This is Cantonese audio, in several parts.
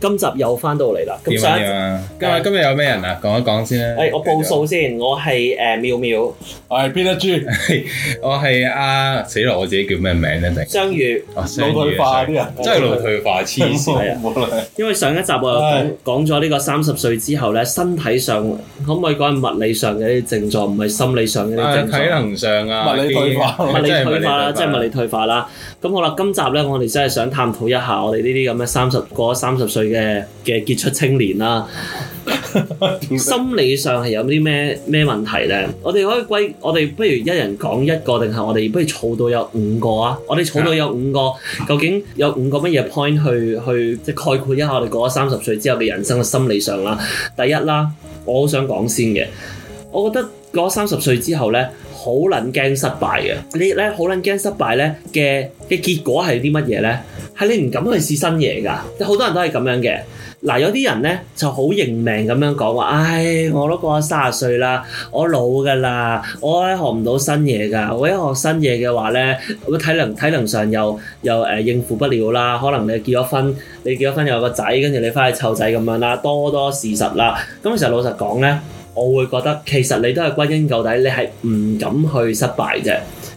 今集又翻到嚟啦，咁想今日今日有咩人啊？講一講先啦。誒，我報數先，我係誒妙妙，我係邊一豬，我係阿死佬，我自己叫咩名咧？定張宇，老退化啲人，真係老退化黐線！因為上一集啊，講咗呢個三十歲之後咧，身體上可唔可以講係物理上嘅啲症狀，唔係心理上嘅啲症狀，體能上啊，物理退化，即係物理退化啦，即係物理退化啦。咁好啦，今集咧，我哋真係想探討一下我哋呢啲咁嘅三十過咗三十歲。嘅嘅傑出青年啦、啊， 心理上係有啲咩咩問題呢？我哋可以歸，我哋不如一人講一個，定係我哋不如儲到有五個啊？我哋儲到有五個，究竟有五個乜嘢 point 去去即係概括一下我哋過咗三十歲之後嘅人生嘅心理上啦、啊？第一啦，我好想講先嘅，我覺得過咗三十歲之後呢，好撚驚失敗嘅，你呢，好撚驚失敗呢嘅嘅結果係啲乜嘢呢？係你唔敢去試新嘢噶，好多人都係咁樣嘅。嗱，有啲人咧就好認命咁樣講話，唉、哎，我都過咗卅歲啦，我老噶啦，我喺學唔到新嘢噶。我一學新嘢嘅話咧，我體能體能上又又誒、呃、應付不了啦。可能你結咗婚，你結咗婚有個仔，跟住你翻去湊仔咁樣啦，多多事實啦。咁其實老實講咧，我會覺得其實你都係歸根究底，你係唔敢去失敗啫。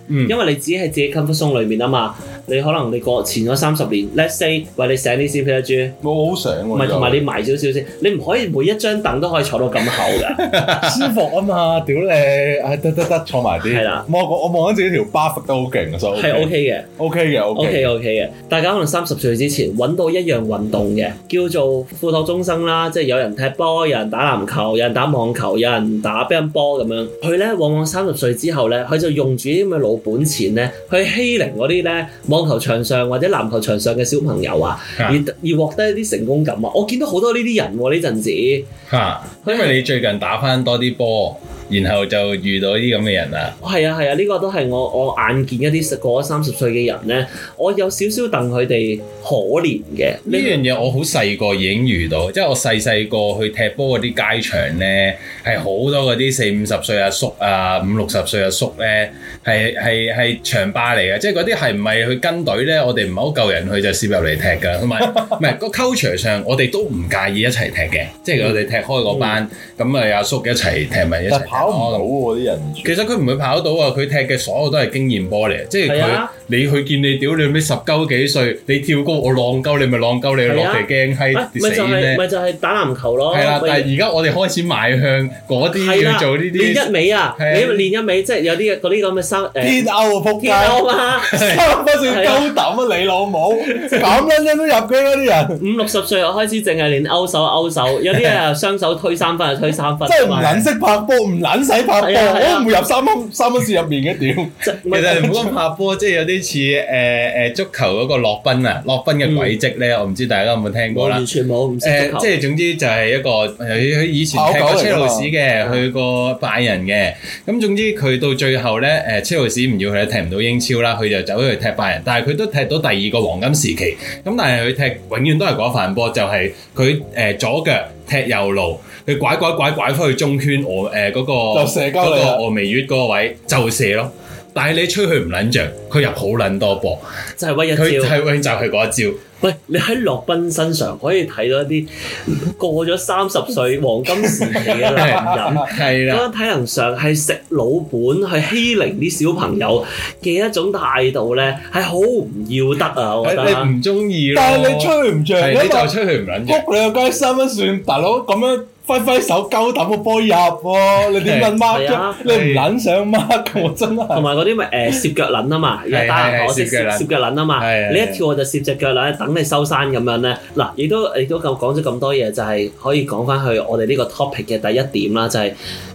嗯，因為你只係自己喺自己 comfort zone 裏邊啊嘛。你可能你過前咗三十年，let's say，為你寫啲 c P. a G.，冇好想喎。唔係、啊，同埋你埋少少先，你唔可以每一張凳都可以坐到咁厚㗎， 舒服啊嘛，屌你，係得得得，坐埋啲。係啦的，我我望緊自己條 buff 都好勁啊，係 OK 嘅，OK 嘅，OK 嘅，OK 嘅、OK OK OK OK、大家可能三十歲之前揾到一樣運動嘅，叫做付託終生啦，即係有人踢波，有人打籃球，有人打網球，有人打乒乓波咁樣。佢咧往往三十歲之後咧，佢就用住啲咁嘅老本錢咧，去欺凌嗰啲咧。網球場上或者籃球場上嘅小朋友啊，啊而而獲得一啲成功感啊，我見到好多呢啲人呢、啊、陣子，嚇、啊，因為你最近打返多啲波，然後就遇到啲咁嘅人啦，係啊係啊，呢、這個都係我我眼見一啲過咗三十歲嘅人咧，我有少少戥佢哋可憐嘅。呢樣嘢我好細個已經遇到，即係我細細個去踢波嗰啲街場咧，係好多嗰啲四五十歲阿叔啊，五六十歲阿叔咧，係係係場霸嚟嘅，即係嗰啲係唔係去跟隊咧？我哋唔係好夠人去就攝入嚟踢噶，同埋唔係個 culture 上我哋都唔介意一齊踢嘅，即係我哋踢開嗰班咁啊、嗯、阿叔一齊踢埋一齊。 跑唔到喎啲人，其實佢唔會跑到啊！佢踢嘅所有都係經驗波嚟，即係佢。你去見你屌你咩十鳩幾歲？你跳高我浪鳩，你咪浪鳩你落嚟驚閪跌死咩？咪就係咪就係打籃球咯？係啦，但係而家我哋開始邁向嗰啲要做呢啲練一味啊！你練一味即係有啲嗰啲咁嘅三練勾扑勾啊！三分球投乜你老母？咁樣樣都入嘅啦啲人五六十歲，我開始淨係練勾手勾手，有啲人雙手推三分又推三分，即係唔捻識拍波，唔捻使拍波，我唔會入三分三分線入面嘅屌。其實唔好拍波，即係有啲。呢次誒誒足球嗰個洛賓啊，洛賓嘅軌跡咧，嗯、我唔知大家有冇聽過啦。完全冇，唔識足球、呃、即係總之就係一個，佢以前踢過車路士嘅，去過拜仁嘅。咁總之佢到最後咧，誒車路士唔要佢，踢唔到英超啦，佢就走去踢拜仁。但係佢都踢到第二個黃金時期。咁但係佢踢永遠都係嗰份波，就係佢誒左腳踢右路，佢拐拐拐拐翻去中圈俄誒嗰個就射㗎喇，蛾眉月嗰個位就射咯。但係你吹佢唔撚着，佢又好撚多波，就係威一招。佢係搵就係、是、嗰一招。喂，你喺洛賓身上可以睇到一啲過咗三十歲黃金時期嘅男人，係啦， 體能上係食老本去欺凌啲小朋友嘅一種態度咧，係好唔要得啊！我覺得唔中意。但係你吹佢唔着，的不你就吹佢唔撚着。你又雞心乜算大佬咁樣？揮揮手，鳩膽個波入，啊，你點問孖筋？你唔捻想孖筋，我真係同埋嗰啲咪誒，攝腳捻啊嘛，又打人我攝腳攝腳捻啊嘛，呢一跳我就攝隻腳捻，等你收山咁樣咧。嗱，亦都亦都咁講咗咁多嘢，就係、是、可以講翻去我哋呢個 topic 嘅第一點啦，就係、是、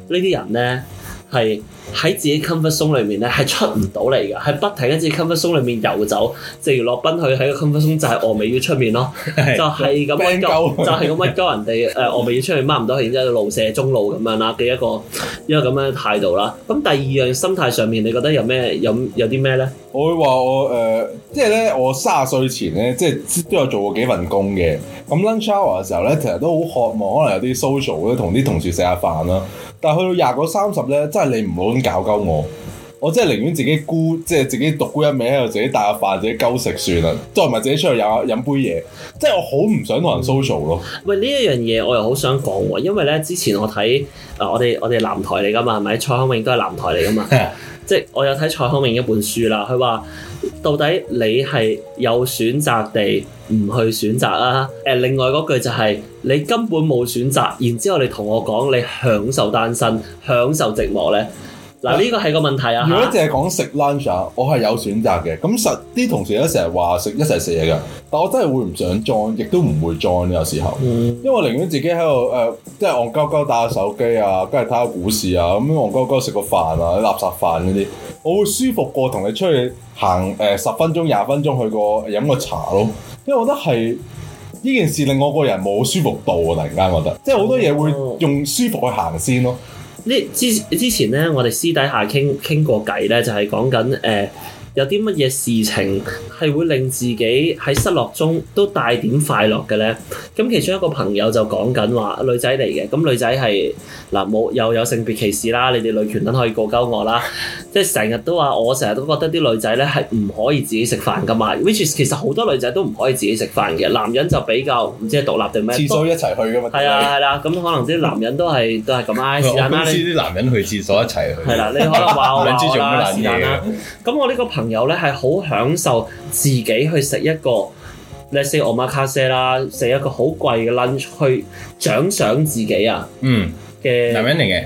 呢啲人咧。係喺自己 comfort zone 裏面咧，係出唔到嚟嘅。喺不停喺自己 comfort zone 裏面遊走，正如洛賓去喺個 comfort zone 就係外圍要出面咯， 是就係咁樣狂狂就係咁樣教 人哋誒外圍要、呃、出去掹唔到，然之後路射中路咁樣啦嘅一個一個咁樣態度啦。咁第二樣心態上面，你覺得有咩有有啲咩咧？我會話我誒，即係咧，我卅歲前咧，即係都有做過幾份工嘅。咁 lunch hour 嘅時候咧，其實都好渴望，可能有啲 social 咧，同啲同事食下飯啦。但係去到廿嗰三十咧，你唔好咁搞鳩我。我真係寧願自己孤，即係自己獨孤一命，喺度自己帶個飯，自己鳩食算啦。都係咪自己出去飲飲杯嘢，即係我好唔想同人 social 咯、嗯。喂，呢一樣嘢我又好想講、哦，因為咧之前我睇誒、呃，我哋我哋南台嚟噶嘛，係咪？蔡康永都係南台嚟噶嘛。 即係我有睇蔡康永一本書啦，佢話到底你係有選擇地唔去選擇啊？誒、呃，另外嗰句就係、是、你根本冇選擇，然之後你同我講你享受單身、享受寂寞咧。嗱呢個係個問題啊！如果淨係講食 lunch 我係有選擇嘅。咁實啲同事咧成日話食一齊食嘢嘅，但我真係會唔想 join 亦都唔會 join 有時候，嗯、因為寧願自己喺度誒，即係戇鳩鳩打下手機啊，跟住睇下股市啊，咁戇鳩鳩食個飯啊，啲垃圾飯嗰啲，我會舒服過同你出去行誒十分鐘、廿分鐘去過飲個茶咯。因為我覺得係呢件事令我個人冇舒服到啊！突然間覺得，即係好多嘢會用舒服去行先咯。呢之之前咧，我哋私底下傾傾過偈咧，就係講緊誒。呃有啲乜嘢事情係會令自己喺失落中都帶點快樂嘅咧？咁其中一個朋友就講緊話女仔嚟嘅，咁女仔係，嗱，冇又有性別歧視啦，你哋女權都可以告鳩我啦，即係成日都話我成日都覺得啲女仔咧係唔可以自己食飯噶嘛，which 其實好多女仔都唔可以自己食飯嘅，男人就比較唔知係獨立定咩，廁所一齊去噶嘛，係啊係啦，咁可能啲男人都係都係咁啊時間啦，啲男人去廁所一齊去，係啦，你可能話我話啦時間，咁我呢個朋朋友咧，係好享受自己去食一個 omakase 啦，食一個好貴嘅 lunch 去獎賞自己啊、嗯！嗯嘅男人嚟嘅，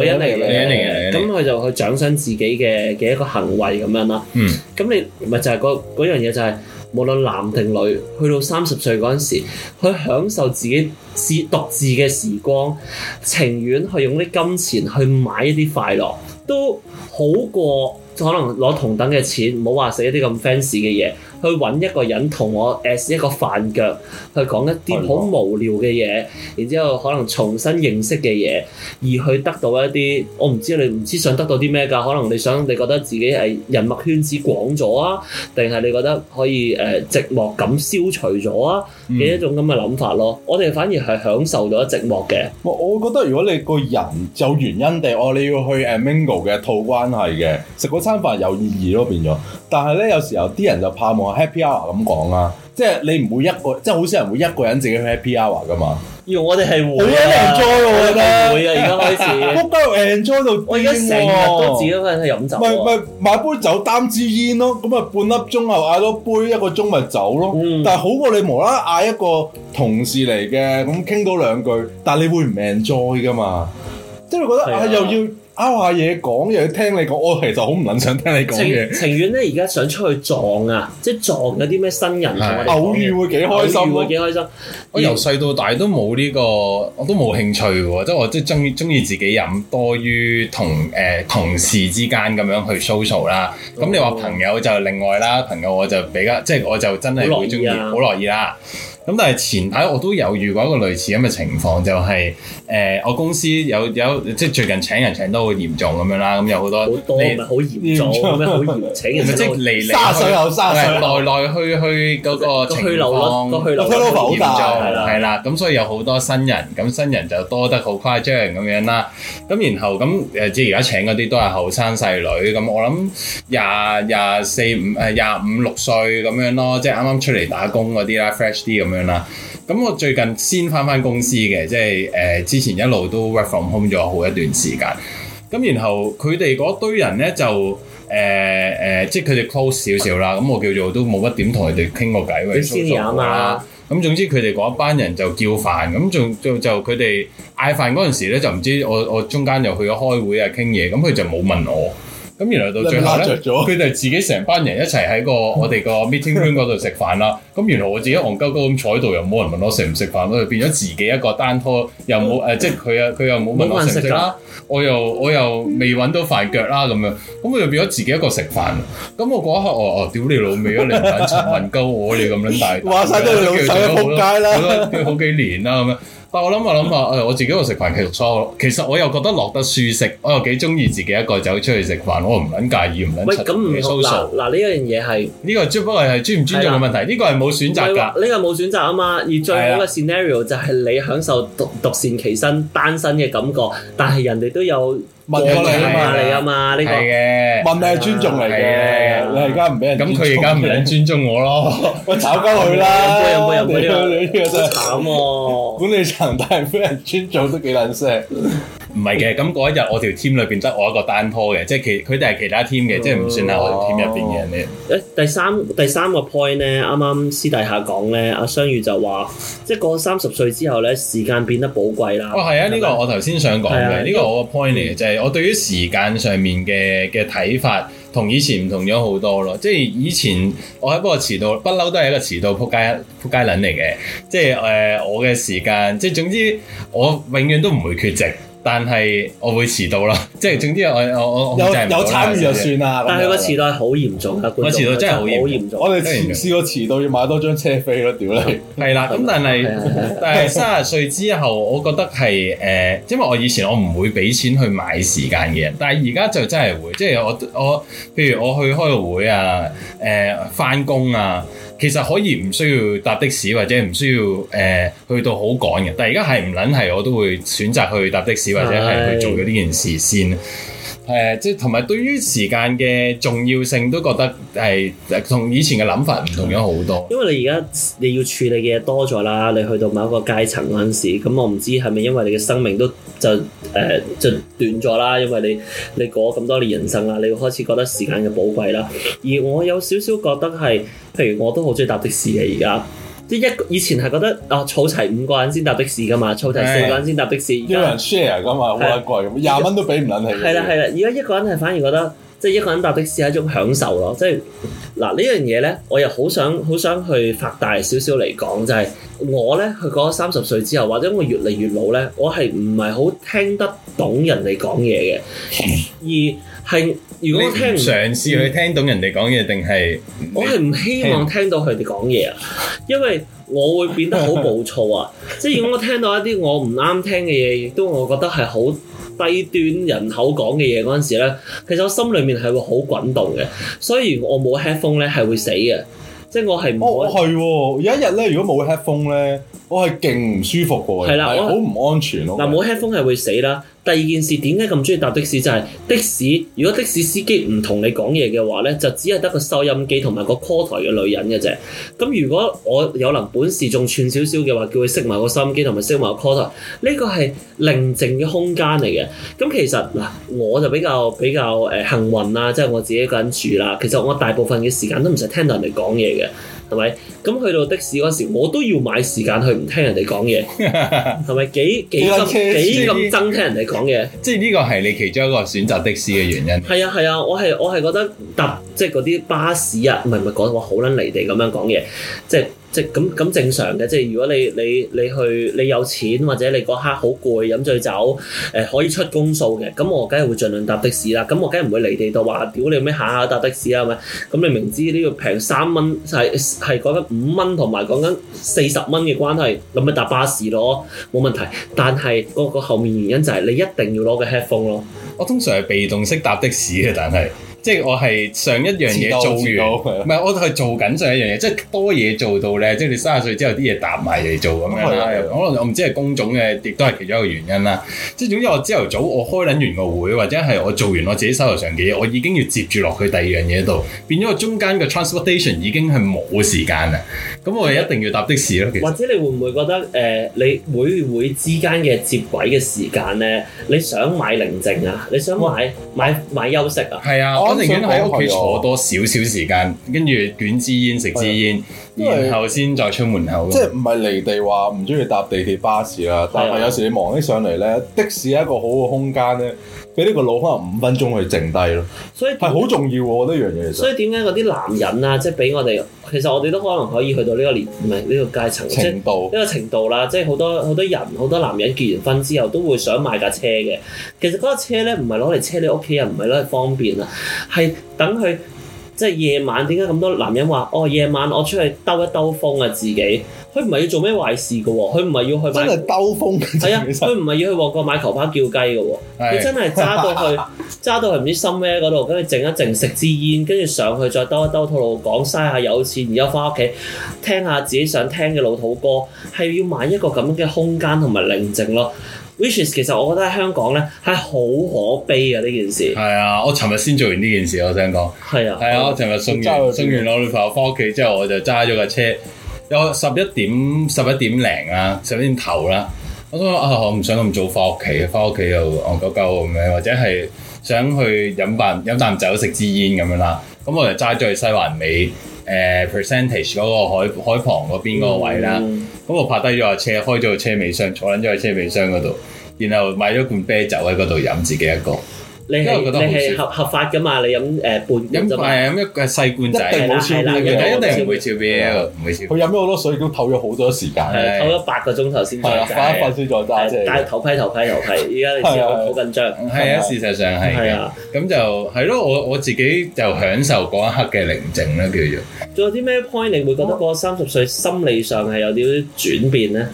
女人嚟嘅，嗯、女人嚟嘅。咁佢就去獎賞自己嘅嘅一個行為咁樣啦。嗯，咁你咪就係嗰嗰樣嘢就係、是、無論男定女，去到三十歲嗰陣時，去享受自己獨自獨自嘅時光，情願去用啲金錢去買一啲快樂，都好過。可能攞同等嘅錢，唔好話食一啲咁 fancy 嘅嘢。去揾一個人同我 as 一個飯腳，去講一啲好無聊嘅嘢，的然之後可能重新認識嘅嘢，而去得到一啲我唔知你唔知想得到啲咩㗎？可能你想你覺得自己係人脈圈子廣咗啊，定係你覺得可以誒、呃、寂寞感消除咗啊嘅一種咁嘅諗法咯。嗯、我哋反而係享受到寂寞嘅。我我覺得如果你個人就原因地，我你要去誒 Mingo 嘅套關係嘅，食嗰餐飯有意義咯，變咗。但係咧，有時候啲人就怕望 happy hour 咁講啊，即係你唔會一個，即係好少人會一個人自己去 happy hour 噶嘛？要我哋係會，好多人 enjoy 我覺得。會啊，而家看開始。 我今日 enjoy 到癲癲、啊、我而家成日都自己一個人去飲酒，啊。唔係唔係，買杯酒擔支煙咯，咁啊半粒鐘後嗌多杯，一個鐘咪走咯。嗯、但係好過你無啦嗌一個同事嚟嘅，咁傾多兩句，但係你會唔 enjoy 噶嘛？即係你覺得啊，又要。拗下嘢講，又要聽你講，我其實好唔撚想聽你講嘢。情情願咧，而家想出去撞啊，即係撞嗰啲咩新人我。偶遇會，會，會幾開心，會幾開心。我由細到大都冇呢、呢個，我都冇興趣喎。即係、嗯、我即係中意中意自己飲多於同誒、呃、同事之間咁樣去 social 啦、嗯。咁你話朋友就另外啦，朋友我就比較即係、即係、我就真係會中意、啊，好樂意啦。咁但係前排我都有遇過一個類似咁嘅情況，就係誒我公司有有即係最近請人請得好嚴重咁樣啦，咁有好多多好嚴重咩？好請人即係嚟，卅歲後生，來來去去嗰個個去留率個去留率好嚴重啦，咁所以有好多新人，咁新人就多得好誇張咁樣啦。咁然後咁誒即係而家請嗰啲都係後生細女，咁我諗廿廿四五誒廿五六歲咁樣咯，即係啱啱出嚟打工嗰啲啦，fresh 啲咁樣。咁我最近先翻翻公司嘅，即係誒、呃，之前一路都 work from home 咗好一段時間。咁然後佢哋嗰堆人呢，就誒誒、呃呃，即係佢哋 close 少少啦。咁我叫做都冇乜點同佢哋傾過偈，佢先飲啊！咁、嗯、總之佢哋嗰班人就叫飯，咁仲就就佢哋嗌飯嗰陣時呢，就唔知我我中間又去咗開會啊傾嘢，咁佢就冇問我。咁原來到最後咧，佢哋自己成班人一齊喺個 我哋個 meeting room 嗰度食飯啦。咁原來我自己戇鳩鳩咁坐喺度，又冇人問我食唔食飯，我就變咗自己一個單拖，又冇誒、啊，即係佢啊，佢又冇問我食啦。我又我又未揾到飯腳啦，咁樣，咁佢就變咗自己一個食飯。咁我嗰一刻我哦，屌你老味啊！你唔肯殘鳩我，你咁撚大， 話曬都老嘢仆街啦，都好幾年啦咁樣。但我諗下，諗啊，誒，我自己我食飯，其實我其實我又覺得落得舒適，我又幾中意自己一個走出去食飯，我唔捻介意唔捻出 social 嗱，嗱，呢樣嘢係呢個係只不過係尊唔尊重嘅問題，呢個係冇選擇噶。呢個冇選擇啊嘛，而最好嘅 scenario 就係你享受獨獨善其身、單身嘅感覺，但係人哋都有。這個、的問你啊嘛，呢個問你係尊重嚟嘅，的你而家唔俾人咁佢而家唔想尊重我咯， 我炒鳩佢啦。有冇人你呢又真係慘喎，估你長大俾人尊重都幾撚聲。唔係嘅，咁嗰一日我條 team 裏邊得我一個單拖嘅，即係其佢哋係其他 team 嘅，即係唔算係我 team 入邊嘅人咧、哦。第三第三個 point 咧，啱啱私底下講咧，阿雙魚就話，即係過三十歲之後咧，時間變得寶貴啦。哦，係啊，呢個我頭先想講嘅，呢、啊啊、個我個 point 嚟嘅、嗯，就係我對於時間上面嘅嘅睇法，同以前唔同咗好多咯。即係以前我喺嗰個遲到，不嬲都係一個遲到撲街撲街撚嚟嘅，即係誒、呃、我嘅時間，即係總之我永遠都唔會缺席。但係我會遲到啦，即、就、係、是、總之我我我有我有，有參與就算啦。但係個遲到係好嚴重噶，個、嗯、遲到真係好嚴重我。我哋遲輸咗遲到要多買多張車飛咯，屌你、嗯！係啦， 咁但係但係三十歲之後，我覺得係誒、呃，因為我以前我唔會俾錢去買時間嘅，但係而家就真係會，即、就、係、是、我我譬如我去開個會啊，誒翻工啊。其實可以唔需要搭的士或者唔需要、呃、去到好趕嘅，但係而家係唔撚係我都會選擇去搭的士或者係去做咗呢件事先。誒，即係同埋對於時間嘅重要性，都覺得係同以前嘅諗法唔同咗好多。因為你而家你要處理嘅嘢多咗啦，你去到某一個階層嗰陣時，咁我唔知係咪因為你嘅生命都就誒、呃、就斷咗啦，因為你你過咗咁多年人生啦，你會開始覺得時間嘅寶貴啦。而我有少少覺得係，譬如我都好中意搭的士嘅而家。即係一以前係覺得啊，儲、哦、齊五個人先搭的士噶嘛，儲齊四個人先搭的士。的在要有人 share 噶嘛，好鬼貴，廿蚊的都俾唔捻起。係啦係啦，而家一個人係反而覺得，即係一個人搭的士係一種享受咯。即係嗱、這個、呢樣嘢咧，我又好想好想去發大少少嚟講，就係、是、我咧過咗三十歲之後，或者我越嚟越老咧，我係唔係好聽得懂人哋講嘢嘅，而係。如果我嘗試去聽懂人哋講嘢，定係我係唔希望聽到佢哋講嘢啊？因為我會變得好暴躁啊！ 即係如果我聽到一啲我唔啱聽嘅嘢，亦都我覺得係好低端人口講嘅嘢嗰陣時咧，其實我心裏面係會好滾動嘅。所以我呢，我冇 headphone 咧係會死嘅，即係我係唔可。係、哦，有一日咧，如果冇 headphone 咧。我係勁唔舒服噃，係啦，好唔安全咯。嗱，冇 headphone 係會死啦。第二件事點解咁中意搭的士？就係的士，如果的士司機唔同你講嘢嘅話咧，就只係得個收音機同埋個 call 台嘅女人嘅啫。咁如果我有能本事仲串少少嘅話，叫佢熄埋個收音機同埋熄埋個 call 台，呢個係寧靜嘅空間嚟嘅。咁其實嗱，我就比較比較誒幸運啦，即係我自己一個人住啦。其實我大部分嘅時間都唔使聽到人哋講嘢嘅。係咪？咁去到的士嗰時，我都要買時間去唔聽人哋講嘢，係咪？ 幾幾爭 幾咁憎聽人哋講嘢？即係呢個係你其中一個選擇的士嘅原因。係 啊係啊，我係我係覺得搭即係嗰啲巴士啊，唔係唔係講我好撚離地咁樣講嘢，即、就、係、是。即係咁咁正常嘅，即係如果你你你去你有錢或者你嗰刻好攰飲醉酒，誒、呃、可以出公數嘅，咁我梗係會盡量搭的士啦。咁我梗係唔會離地道話屌你咩下下搭的士啦，係咪？咁你明知呢個平三蚊係係講緊五蚊同埋講緊四十蚊嘅關係，咁咪搭巴士咯，冇問題。但係個個後面原因就係、是、你一定要攞個 headphone 咯。我通常係被動式搭的士嘅，但係。即係我係上一樣嘢做完，唔係我係做緊上一樣嘢， 即係多嘢做到咧。即係你三十歲之後啲嘢搭埋嚟做咁樣啦。可能、哦、我唔知係工種嘅，亦都係其中一個原因啦。即係總之我朝頭早我開撚完個會，或者係我做完我自己手頭上嘅嘢，我已經要接住落去第二樣嘢度，變咗我中間嘅 transportation 已經係冇時間啦。咁我哋一定要搭的士咯，其實或者你會唔會覺得誒、呃、你會唔會之間嘅接軌嘅時間咧？你想買寧靜啊？你想買、嗯、買買休息啊？係啊，我寧願喺屋企坐多少少時間，跟住捲支煙食支煙，煙啊、然後先再出門口。即係唔係離地話唔中意搭地鐵巴士啦？但係有時你望起上嚟咧，啊、的士一個好嘅空間咧，俾呢個腦可能五分鐘去靜低咯。所以係好重要喎，我覺得呢樣嘢其實。所以點解嗰啲男人啊，即係俾我哋？其實我哋都可能可以去到呢個年，唔係呢個階層，即呢個程度啦。即係好多好多人，好多男人結完婚之後都會想買架車嘅。其實嗰架車咧，唔係攞嚟車你屋企人，唔係攞嚟方便啊，係等佢。即係夜晚，點解咁多男人話哦？夜晚我出去兜一兜風啊，自己佢唔係要做咩壞事嘅喎、哦，佢唔係要去買真係兜風。係啊，佢唔係要去旺角買球拍叫雞嘅喎、哦，佢的真係揸到去揸 到去唔知心咩嗰度，跟住靜一靜，食支煙，跟住上去再兜一兜，套路講曬下有錢，而家翻屋企聽下自己想聽嘅老土歌，係要買一個咁嘅空間同埋寧靜咯。Which is，其實我覺得喺香港咧係好可悲啊呢件事。係啊，我尋日先做完呢件事我想講。係啊，係啊，啊，我尋日送完送完我女朋友翻屋企之後，我就揸咗架車，有十一點十一點零啊，十一點頭啦。我都話啊，我唔想咁早翻屋企，翻屋企又戇鳩鳩咁樣，或者係想去飲啖飲啖酒，食支煙咁樣啦。咁我就揸咗去西環尾。誒、uh, percentage 嗰個海海旁嗰邊嗰個位啦，咁、mm hmm. 我泊低咗架車，開咗個車尾箱，坐緊咗喺車尾箱嗰度，然後買咗罐啤酒喺嗰度飲自己一個。你係你係合合法噶嘛？你飲誒半罐啫嘛？係飲一個細罐仔，一定冇超標嘅，一定唔會超標啊！唔會超，佢飲咗好多水，已經透咗好多時間，透咗八個鐘頭先再戴，戴頭盔頭盔又係，而家你知好緊張。係啊，事實上係啊，咁就係咯。我我自己就享受嗰一刻嘅寧靜啦。叫做。仲有啲咩 point？你會覺得過三十歲心理上係有啲啲轉變咧？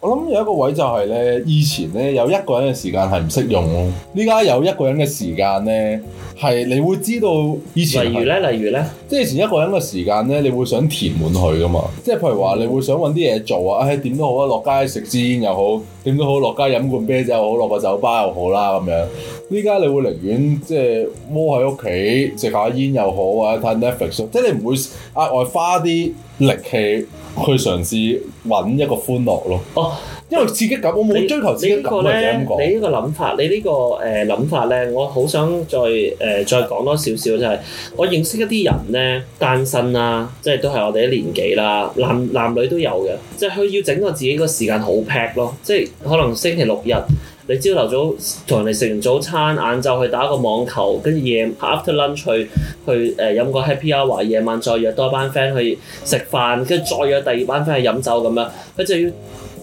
我諗有一個位就係咧，以前咧有一個人嘅時間係唔識用咯。呢家，有一個人嘅時間咧，係你會知道以前，例如呢，例如呢，即係以前一個人嘅時間咧，你會想填滿佢㗎嘛？即係譬如話，你會想搵啲嘢做啊，唉、哎，點都好啊，落街食支煙又好。點都好，落街飲罐啤酒好，落個酒吧又好啦咁樣。依家你會寧願即係窩喺屋企食下煙又好啊，或者睇 Netflix，即係你唔會額外花啲力氣去嘗試揾一個歡樂咯。哦因為刺激感，我冇追求刺激感咧。你呢個諗法，你、這個呃、呢個誒諗法咧，我好想再誒、呃、再講多少少，就係、是、我認識一啲人咧，單身啦、啊，即係都係我哋啲年紀啦、啊，男男女都有嘅，即係佢要整個自己個時間好 pack 咯，即係可能星期六日，你朝頭早同人哋食完早餐，晏晝去打個網球，跟住夜 after lunch 去去誒飲、呃、個 happy hour，夜晚再約多班 friend 去食飯，跟住再約第二班 friend 去飲酒咁樣，佢就要。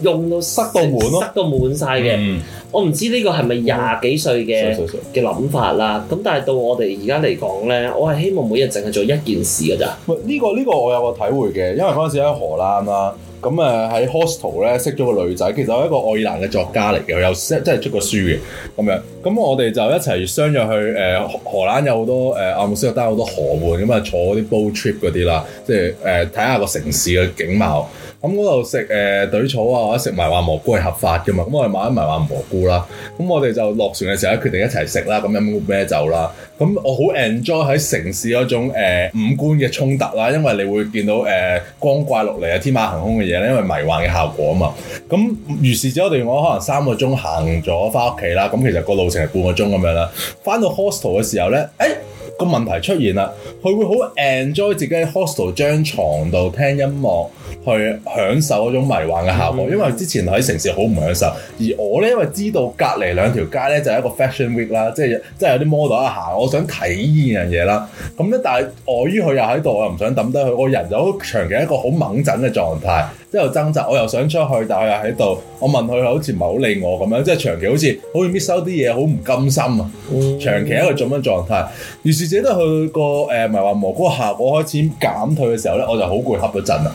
用到塞到滿咯，塞到滿晒嘅。我唔、嗯、知呢個係咪廿幾歲嘅嘅諗法啦。咁、嗯、但係到我哋而家嚟講咧，嗯、我係希望每日淨係做一件事㗎咋。唔呢、這個呢、這個我有個體會嘅，因為嗰陣時喺荷蘭啦，咁誒喺 hostel 咧識咗個女仔，其實係一個愛爾蘭嘅作家嚟嘅，又即係出過書嘅咁樣。咁我哋就一齊相約去誒、呃、荷蘭有，呃、有好多誒阿姆斯特丹好多河岸，咁啊坐啲 boat trip 嗰啲啦，即係誒睇下個城市嘅景貌。咁嗰度食誒堆草啊，或者食迷幻蘑菇係合法嘅嘛，咁我哋買啲迷幻蘑菇，買買蘑菇啦。咁我哋就落船嘅時候咧，決定一齊食啦，咁飲杯酒啦。咁我好 enjoy 喺城市嗰種、呃、五官嘅衝突啦，因為你會見到誒、呃、光怪陸離啊、天馬行空嘅嘢咧，因為迷幻嘅效果啊嘛。咁如是者，我哋我可能三個鐘行咗返屋企啦。咁其實個路。成半個鐘咁樣啦，返到 hostel 嘅時候呢，誒、哎、個問題出現啦，佢會好 enjoy 自己喺 hostel 張床度聽音樂。去享受嗰種迷幻嘅效果，嗯、因為之前喺城市好唔享受。而我呢，因為知道隔離兩條街呢，就係、是、一個 fashion week 啦，即係即係有啲 model 啊行，我想睇呢樣嘢啦。咁呢，但係礙於佢又喺度，我又唔想抌低佢，我人就好長期一個好掹緊嘅狀態，即係掙扎。我又想出去，但係又喺度。我問佢，好似唔係好理我咁樣，即係長期好似好似 miss 收啲嘢，好唔甘心啊！嗯、長期一個做乜狀態？於是者咧，佢、呃那個誒迷幻磨骨後，我開始減退嘅時候呢，我就好攰，合咗陣啦。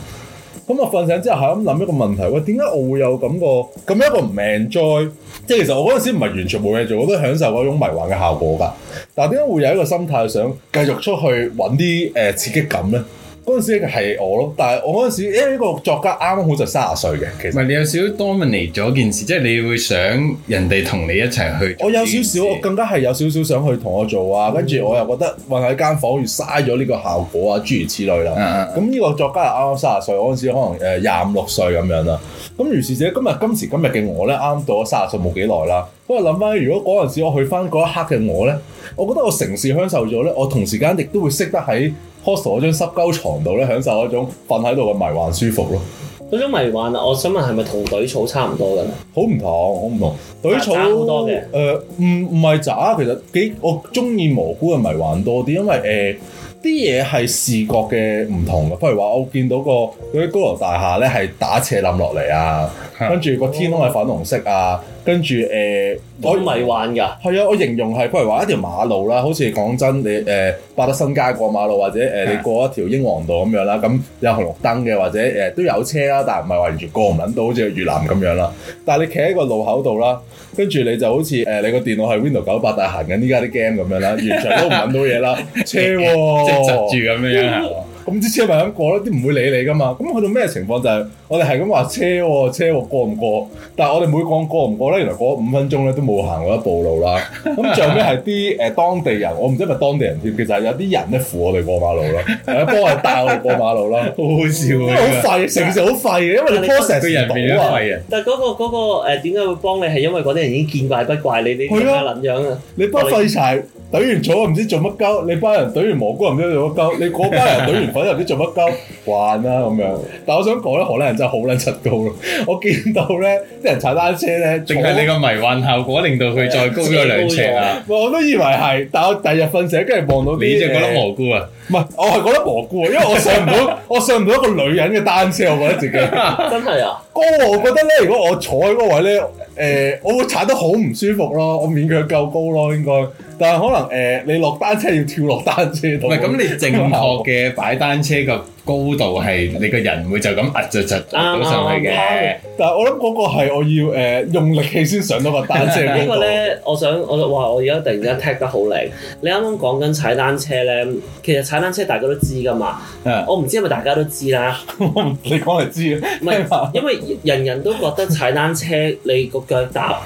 咁我瞓醒之後，係咁諗一個問題：喂，點解我會有咁個咁樣一個唔 enjoy？即係其實我嗰陣時唔係完全冇嘢做，我都享受嗰種迷幻嘅效果㗎。但係點解會有一個心態想繼續出去揾啲誒刺激感咧？嗰陣時係我咯，但係我嗰陣時，誒呢個作家啱啱好就卅歲嘅，其實唔係你有少少多 many 咗件事，即係你會想人哋同你一齊去。我有少少，我更加係有少少想去同我做啊！跟住、嗯、我又覺得混喺間房越嘥咗呢個效果啊，諸如此類啦、啊。咁呢、啊啊啊、個作家係啱啱卅歲，我嗰陣時可能誒廿五六歲咁樣啦、啊。咁於是者今日今時今日嘅我咧，啱啱到咗卅歲冇幾耐啦。不過諗翻，如果嗰陣時我去翻嗰一刻嘅我咧，我覺得我城市享受咗咧，我同時間亦都會識得喺。喎，坐喺張濕鳩牀度咧，享受一種瞓喺度嘅迷幻舒服咯。嗰種迷幻啊，我想問係咪同隊草差唔多嘅咧？好唔同，好唔同。隊草好多嘅誒，唔唔係渣，其實幾我中意蘑菇嘅迷幻多啲，因為誒啲嘢係視覺嘅唔同嘅。譬如話我見到個嗰啲、那個、高樓大廈咧，係打斜冧落嚟啊，跟住個天空係粉紅色啊。啊跟住誒，呃、玩我迷幻噶，係啊！我形容係，譬如話一條馬路啦，好似講真，你誒百德新街過馬路，或者誒、呃、你過一條英皇道咁樣啦，咁有紅綠燈嘅，或者誒、呃、都有車啦，但係唔係話完全過唔揾到，好似越南咁樣啦。但係你企喺個路口度啦，跟住你就好似誒、呃、你個電腦係 Windows 九八，但行緊依家啲 game 咁樣啦，完全都唔揾到嘢啦， 車、啊、 即係窒住咁樣係 咁支車咪咁過咧？啲唔會理你㗎嘛。咁去到咩情況就係、是、我哋係咁話車喎、哦，車喎、哦、過唔過？但係我哋每講過唔過咧，原來過咗五分鐘咧都冇行過一步路啦。咁 最後尾係啲誒當地人，我唔知係咪當地人添。其實係有啲人咧扶我哋過馬路咯， 幫我哋帶我哋過馬路咯，好好笑好廢，成時好廢，因為你哥成日人好廢啊。但係、那、嗰個嗰、那個點解、呃、會幫你係因為嗰啲人已經見怪不怪你呢啲啊？你不費柴。 懟完草唔知做乜鳩，你班人懟完蘑菇唔知做乜鳩，你嗰班 人懟完粉又唔知做乜鳩，慣啦咁樣。 但我想講咧，荷蘭人真係好撚柒高咯。 我見到咧啲人踩單車咧，淨係你個迷幻效果令到佢再高咗兩尺啊？我都以為係，但我第二日瞓醒，跟住望到你就覺得蘑菇啊！唔係、呃，我係覺得蘑菇啊，因為我上唔到， 我上唔到一個女人嘅單車，我覺得自己真係啊。高。我覺得咧，如果我坐喺嗰個位咧，誒、呃，我會踩得好唔舒服咯，我勉強夠高咯，應該。但係可能誒，你落單車要跳落單車度。唔係咁，你正確嘅擺單車嘅高度係你個人會就咁壓窒窒咁上去嘅。但係我諗嗰個係我要誒用力氣先上到個單車。呢個咧，我想我話我而家突然間踢得好靚。你啱啱講緊踩單車咧，其實踩單車大家都知㗎嘛。我唔知係咪大家都知啦。你講係知嘅，唔係因為人人都覺得踩單車你個腳踏。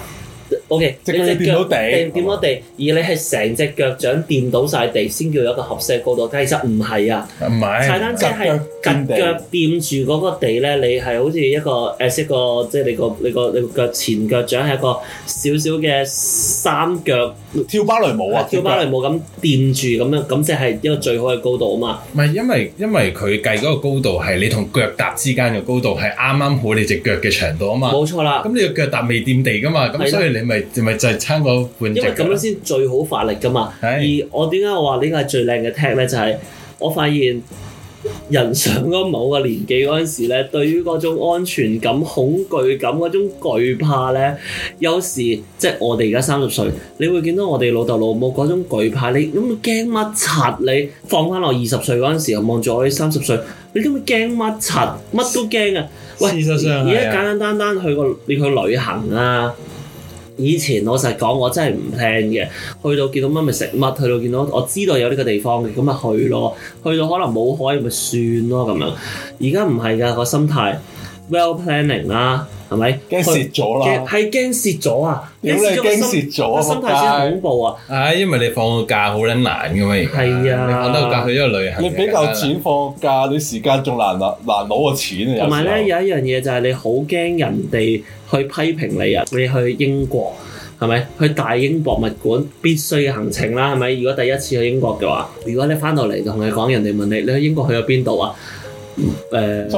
O.K. 即係你掂到地，掂到地，而你係成隻腳掌掂到晒地，先叫有一個合適嘅高度。但係其實唔係啊，唔係踩單車係腳掂住嗰個地咧，你係好似一個誒識個，即係你個你個你個腳前腳掌係一個少少嘅三腳跳芭蕾舞啊，跳芭蕾舞咁掂住咁樣，咁即係一個最好嘅高度啊嘛。唔係因為因為佢計嗰個高度係你同腳踏之間嘅高度係啱啱好你隻腳嘅長度啊嘛。冇錯啦，咁你個腳踏未掂地噶嘛，咁所以你咪。咪就係差嗰半成。因為咁樣先最好發力噶嘛。的而我點解我話呢個係最靚嘅 t 踢咧？就係、是、我發現人上咗某個年紀嗰陣時咧，對於嗰種安全感、恐懼感、嗰種懼怕咧，有時即係、就是、我哋而家三十歲，你會見到我哋老豆老母嗰種懼怕。你咁咪驚乜柒？你放翻落二十歲嗰陣時，又望住三十歲，你咁咪驚乜柒？乜都驚啊！事實上，喂，而家簡簡單單，單，單，單去個你去旅行啊。以前我實講，我真係唔 plan 嘅，去到見到乜咪食乜，去到見到我知道有呢個地方嘅，咁咪去咯。去到可能冇海咪算咯咁樣。而家唔係㗎，個心態，well planning 啦。係咪驚蝕咗啦？係驚蝕咗啊！驚蝕咗啊！心態先恐怖啊！啊、哎，因為你放個假好撚難噶嘛，係啊！你放得假去一個旅行，你俾嚿錢放假，你時間仲難難難攞個錢，啊。同埋咧有一樣嘢就係你好驚人哋去批評你啊！你去英國係咪去大英博物館必須嘅行程啦？係咪？如果第一次去英國嘅話，如果你翻到嚟同你講，人哋問你，你去英國去咗邊度啊？誒，誒、呃，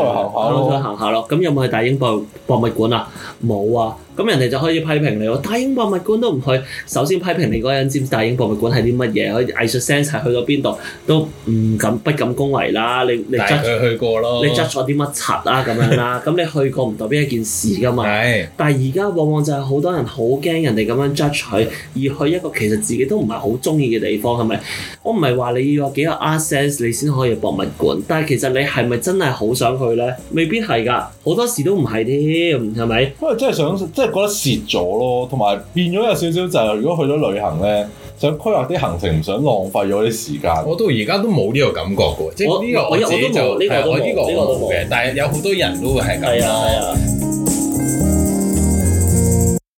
行下咯，咁有冇去大英博博物館啊？冇啊。咁人哋就可以批評你，喎，大英博物館都唔去，首先批評你嗰個人知唔知大英博物館係啲乜嘢？佢藝術 sense 係去到邊度都唔敢不敢恭維啦。你你 judge 咗去過咯，你 judge 咗啲乜柒啊咁樣啦？咁你去過唔代表一件事噶嘛？ 但係而家往往就係好多人好驚人哋咁樣 judge 佢，而去一個其實自己都唔係好中意嘅地方係咪？我唔係話你要有幾個 art sense 你先可以去博物館，但係其實你係咪真係好想去呢？未必係㗎，好多時都唔係添。係咪？我真係想覺得蝕咗咯，同埋變咗有少少就係，如果去咗旅行咧，想規劃啲行程，唔想浪費咗啲時間。我到而家都冇呢個感覺嘅，即係呢個我自己就呢我呢個冇嘅，但係有好多人都會係咁樣。係啊。